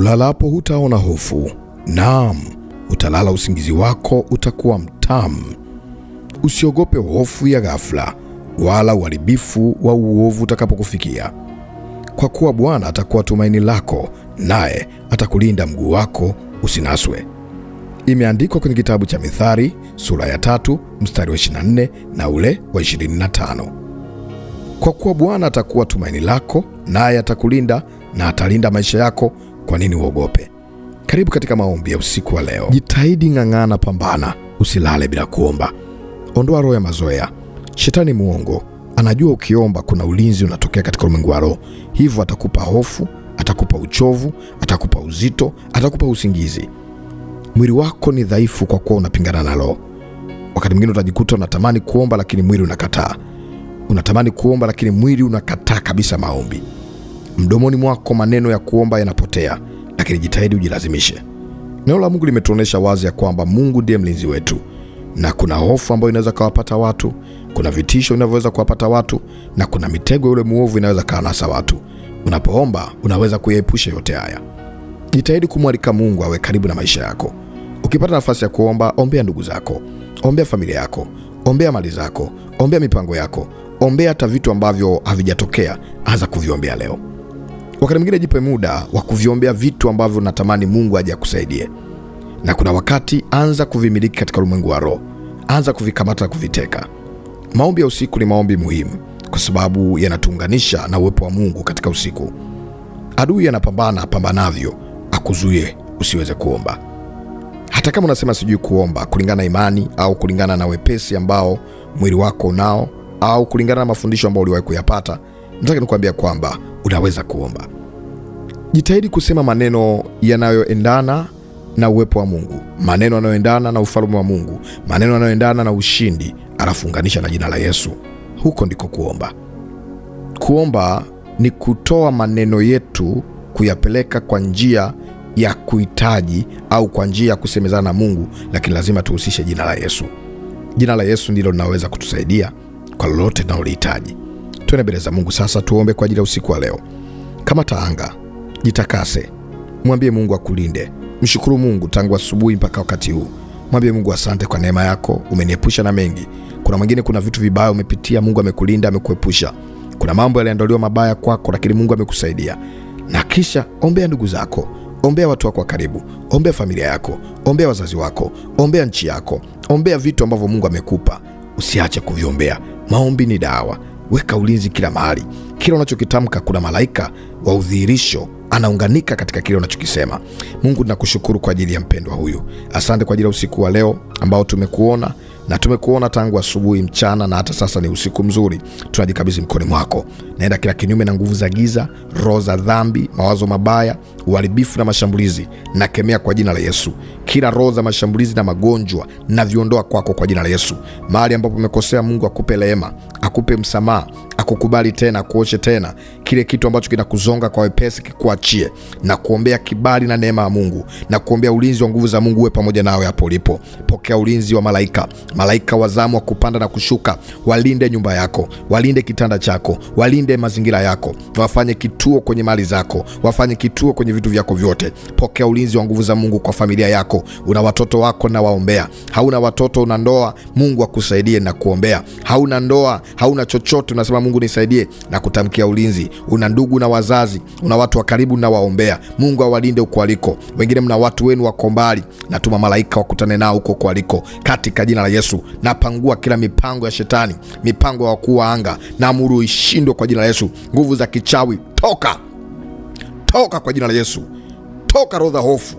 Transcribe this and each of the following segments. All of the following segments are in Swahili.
ulalapo hutaona hofu. Naam, utalala usingizi wako utakuwa mtamu. Usiogope hofu ya ghafla, wala uharibifu wa uovu utakapokufikia, kwa kuwa Bwana atakuwa tumaini lako, naye atakulinda mguu wako usinaswe. Imeandikwa kwenye kitabu cha Mithali sura ya tatu mstari wa 24 na ule wa 25. Kwa kuwa Bwana atakuwa tumaini lako, naye atakulinda na atalinda maisha yako kwa nini uogope? Karibu katika maombi ya usiku wa leo. Jitahidi, ng'ang'ana, pambana, usilale bila kuomba. Ondoa roho ya mazoea. Shetani mwongo anajua ukiomba kuna ulinzi unatokea katika ulimwengu wa roho, hivyo atakupa hofu, atakupa uchovu, atakupa uzito, atakupa usingizi. Mwili wako ni dhaifu kwa kuwa unapingana na roho. Wakati mwingine utajikuta unatamani kuomba lakini mwili unakataa, unatamani kuomba lakini mwili unakataa kabisa maombi. Mdomoni mwako maneno ya kuomba yanapotea, lakini jitahidi ujilazimishe. Neno la Mungu limetuonesha wazi ya kwamba Mungu ndiye mlinzi wetu, na kuna hofu ambayo inaweza kawapata watu, kuna vitisho vinavyoweza kuwapata watu, na kuna mitego yule mwovu inaweza kaanasa watu. Unapoomba unaweza kuyaepusha yote haya. Jitahidi kumwalika Mungu awe karibu na maisha yako. Ukipata nafasi ya kuomba, ombea ndugu zako, ombea familia yako, ombea mali zako, ombea mipango yako, ombea hata vitu ambavyo havijatokea, anza kuviombea leo. Wakati mwingine jipe muda wa kuviombea vitu ambavyo natamani Mungu aje akusaidie, na kuna wakati anza kuvimiliki katika ulimwengu wa roho, anza kuvikamata na kuviteka. Maombi ya usiku ni maombi muhimu kwa sababu yanatuunganisha na uwepo wa Mungu katika usiku. Adui anapambana pambanavyo akuzuie usiweze kuomba, hata kama unasema sijui kuomba, kulingana na imani au kulingana na wepesi ambao mwili wako nao au kulingana na mafundisho ambayo uliwahi kuyapata nataka nikuambia kwamba unaweza kuomba. Jitahidi kusema maneno yanayoendana na uwepo wa Mungu, maneno yanayoendana na ufalme wa Mungu, maneno yanayoendana na ushindi, alafu unganisha na jina la Yesu. Huko ndiko kuomba. Kuomba ni kutoa maneno yetu kuyapeleka kwa njia ya kuhitaji au kwa njia ya kusemezana na Mungu, lakini lazima tuhusishe jina la Yesu. Jina la Yesu ndilo linaweza kutusaidia kwa lolote tunalolihitaji. Twende mbele za Mungu sasa, tuombe kwa ajili ya usiku wa leo. Kama taanga, jitakase, mwambie Mungu akulinde. Mshukuru Mungu tangu asubuhi mpaka wakati huu. Mwambie Mungu, asante kwa neema yako, umeniepusha na mengi. Kuna mwingine, kuna vitu vibaya umepitia, Mungu amekulinda, amekuepusha. Kuna mambo yaliandaliwa mabaya kwako, lakini Mungu amekusaidia. Na kisha ombea ndugu zako, ombea watu wako wa karibu, ombea familia yako, ombea wazazi wako, ombea nchi yako, ombea vitu ambavyo Mungu amekupa. Usiache kuviombea. Maombi ni dawa weka ulinzi kila mahali. Kila unachokitamka kuna malaika wa udhihirisho anaunganika katika kile unachokisema. Mungu, nakushukuru kwa ajili ya mpendwa huyu. Asante kwa ajili ya usiku wa leo ambao tumekuona na tumekuona tangu asubuhi, mchana na hata sasa ni usiku mzuri. Tunajikabidhi mkoni mwako, naenda kila kinyume na nguvu za giza, roho za dhambi, mawazo mabaya, uharibifu na mashambulizi, nakemea kwa jina la Yesu. Kila roho za mashambulizi na magonjwa naviondoa kwako kwa jina la Yesu. Mahali ambapo umekosea, Mungu akupe rehema, akupe msamaha, akukubali tena, akuoshe tena kile kitu ambacho kinakuzonga kwa wepesi, kikuachie na kuombea kibali na neema ya Mungu na kuombea ulinzi wa nguvu za Mungu uwe pamoja nawe hapo ulipo. Pokea ulinzi wa malaika, malaika wazamu wa kupanda na kushuka, walinde nyumba yako, walinde kitanda chako, walinde mazingira yako, wafanye kituo kwenye mali zako, wafanye kituo kwenye vitu vyako vyote. Pokea ulinzi wa nguvu za Mungu kwa familia yako. Una watoto wako na waombea, hauna watoto una ndoa, Mungu akusaidie na kuombea. Hauna ndoa hauna chochote, unasema Mungu nisaidie, na kutamkia ulinzi. Una ndugu na wazazi, una watu wa karibu na waombea, Mungu awalinde huko aliko Wengine mna watu wenu wako mbali, natuma malaika wakutane nao huko aliko katika jina la Yesu. Napangua kila mipango ya shetani, mipango ya wakuu wa anga, naamuru ishindwe kwa jina la Yesu. Nguvu za kichawi toka, toka kwa jina la Yesu. Toka roho za hofu,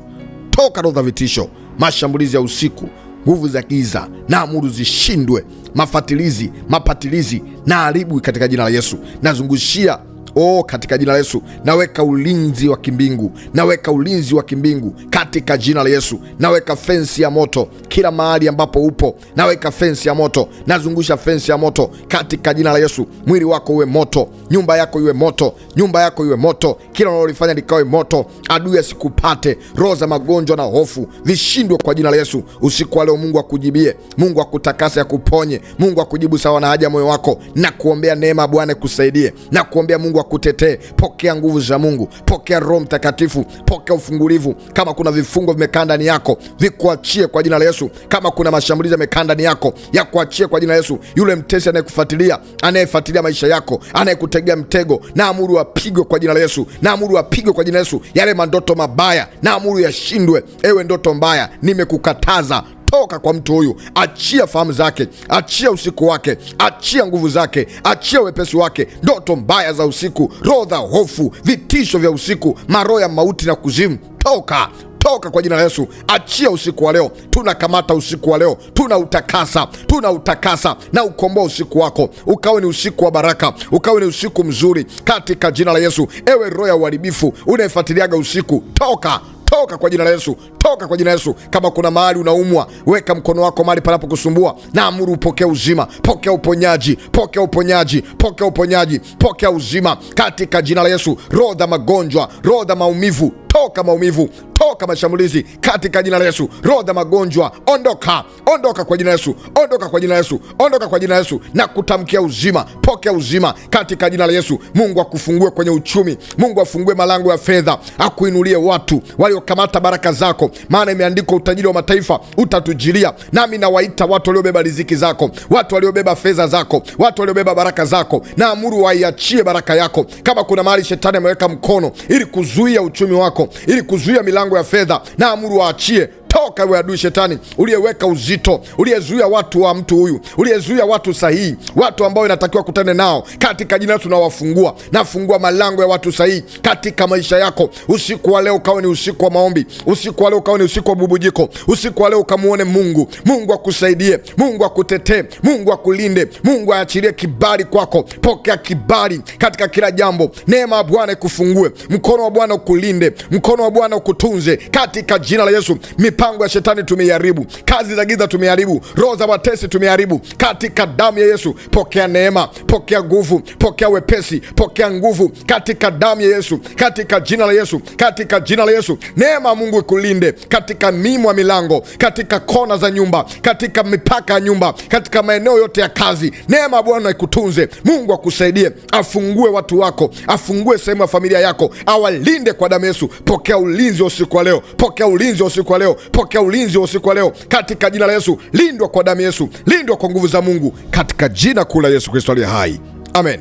toka roho za vitisho, mashambulizi ya usiku nguvu za giza na amuru zishindwe, mafatilizi mapatilizi na haribu katika jina la Yesu. Nazungushia Oh, katika jina la Yesu naweka ulinzi wa kimbingu, naweka ulinzi wa kimbingu katika jina la Yesu. Naweka fensi ya moto kila mahali ambapo upo, naweka fensi ya moto, nazungusha fensi ya moto katika jina la Yesu. Mwili wako uwe moto, nyumba yako iwe moto, nyumba yako iwe moto, kila unalolifanya likawe moto, adui asikupate. Roho za magonjwa na hofu vishindwe kwa jina la Yesu. Usiku wa leo Mungu akujibie, Mungu akutakase, akuponye, Mungu akujibu sawa na haja moyo wako, na kuombea neema Bwana kusaidie, na kuombea Mungu akutetee. Pokea nguvu za Mungu, pokea Roho Mtakatifu, pokea ufungulivu. Kama kuna vifungo vimekaa ndani yako, vikuachie kwa jina la Yesu. Kama kuna mashambulizi yamekaa ndani yako, yakuachie kwa jina la Yesu. Yule mtesi anayekufuatilia, anayefuatilia maisha yako, anayekutegea mtego, naamuru apigwe kwa jina la Yesu, naamuru apigwe kwa jina la Yesu. Yale mandoto mabaya, naamuru yashindwe. Ewe ndoto mbaya, nimekukataza toka kwa mtu huyu, achia fahamu zake, achia usiku wake, achia nguvu zake, achia wepesi wake, ndoto mbaya za usiku, roho za hofu, vitisho vya usiku, maroho ya mauti na kuzimu, toka toka kwa jina la Yesu, achia usiku wa leo. Tunakamata usiku wa leo, tuna utakasa, tuna utakasa na ukomboa usiku wako, ukawe ni usiku wa baraka, ukawe ni usiku mzuri katika jina la Yesu. Ewe roho ya uharibifu unayefuatiliaga usiku, toka toka kwa jina la Yesu, toka kwa jina la Yesu. Kama kuna mahali unaumwa, weka mkono wako mahali panapokusumbua, na amuru upokee uzima, pokea uponyaji, pokea uponyaji, pokea uponyaji, pokea uzima katika jina la Yesu. Roho za magonjwa, roho za maumivu toka maumivu, toka mashambulizi katika jina la Yesu. Roho za magonjwa ondoka, ondoka kwa jina la Yesu, ondoka kwa jina la Yesu, ondoka kwa jina la Yesu na kutamkia uzima. Pokea uzima katika jina la Yesu. Mungu akufungue kwenye uchumi, Mungu afungue malango ya fedha, akuinulie watu waliokamata baraka zako, maana imeandikwa utajiri wa mataifa utatujilia. Nami nawaita watu waliobeba riziki zako, watu waliobeba fedha zako, watu waliobeba baraka zako, naamuru waiachie baraka yako. Kama kuna mahali shetani ameweka mkono ili kuzuia uchumi wako yako ili kuzuia milango ya fedha, na amuru waachie toka we adui shetani, uliyeweka uzito, uliyezuia watu wa mtu huyu, uliyezuia watu sahihi, watu ambao inatakiwa kutane nao, katika jina tunawafungua. Nafungua malango ya watu sahihi katika maisha yako usiku wa leo. Ukawe ni usiku wa maombi, usiku wa leo ukawe ni usiku wa bubujiko, usiku wa leo ukamuone Mungu. Mungu akusaidie, Mungu akutetee, Mungu akulinde, Mungu aachilie kibali kwako. Pokea kibali katika kila jambo, neema ya Bwana ikufungue, mkono wa Bwana ukulinde, mkono wa Bwana ukutunze katika jina la Yesu Mipa mipango ya shetani tumeiharibu, kazi za giza tumeharibu, roho za watesi tumeharibu. Katika damu ya Yesu pokea neema, pokea nguvu, pokea wepesi, pokea nguvu katika damu ya Yesu, katika jina la Yesu, katika jina la Yesu. Neema ya Mungu ikulinde katika mimo ya milango, katika kona za nyumba, katika mipaka ya nyumba, katika maeneo yote ya kazi. Neema ya Bwana ikutunze. Mungu akusaidie, afungue watu wako, afungue sehemu ya familia yako, awalinde kwa damu Yesu. Pokea ulinzi wa usiku wa leo, pokea ulinzi wa usiku wa leo, pokea ulinzi wa usiku wa leo katika jina la Yesu. Lindwa kwa damu Yesu, lindwa kwa nguvu za Mungu katika jina kuu la Yesu Kristo aliye hai, amen.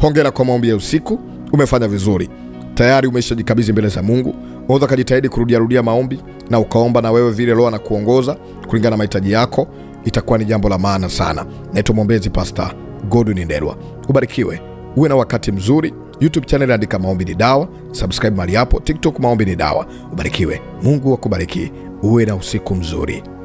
Hongera kwa maombi ya usiku, umefanya vizuri tayari, umeshajikabidhi mbele za Mungu. Unaweza kujitahidi kurudia rudia maombi na ukaomba na wewe vile Roho anakuongoza kulingana na mahitaji yako, itakuwa ni jambo la maana sana. Naitwa mwombezi Pasta Godwin Ndelwa. Ubarikiwe, uwe na wakati mzuri. YouTube channel andika maombi ni dawa, subscribe mahali hapo. TikTok maombi ni dawa. Ubarikiwe, Mungu akubariki uwe na usiku mzuri.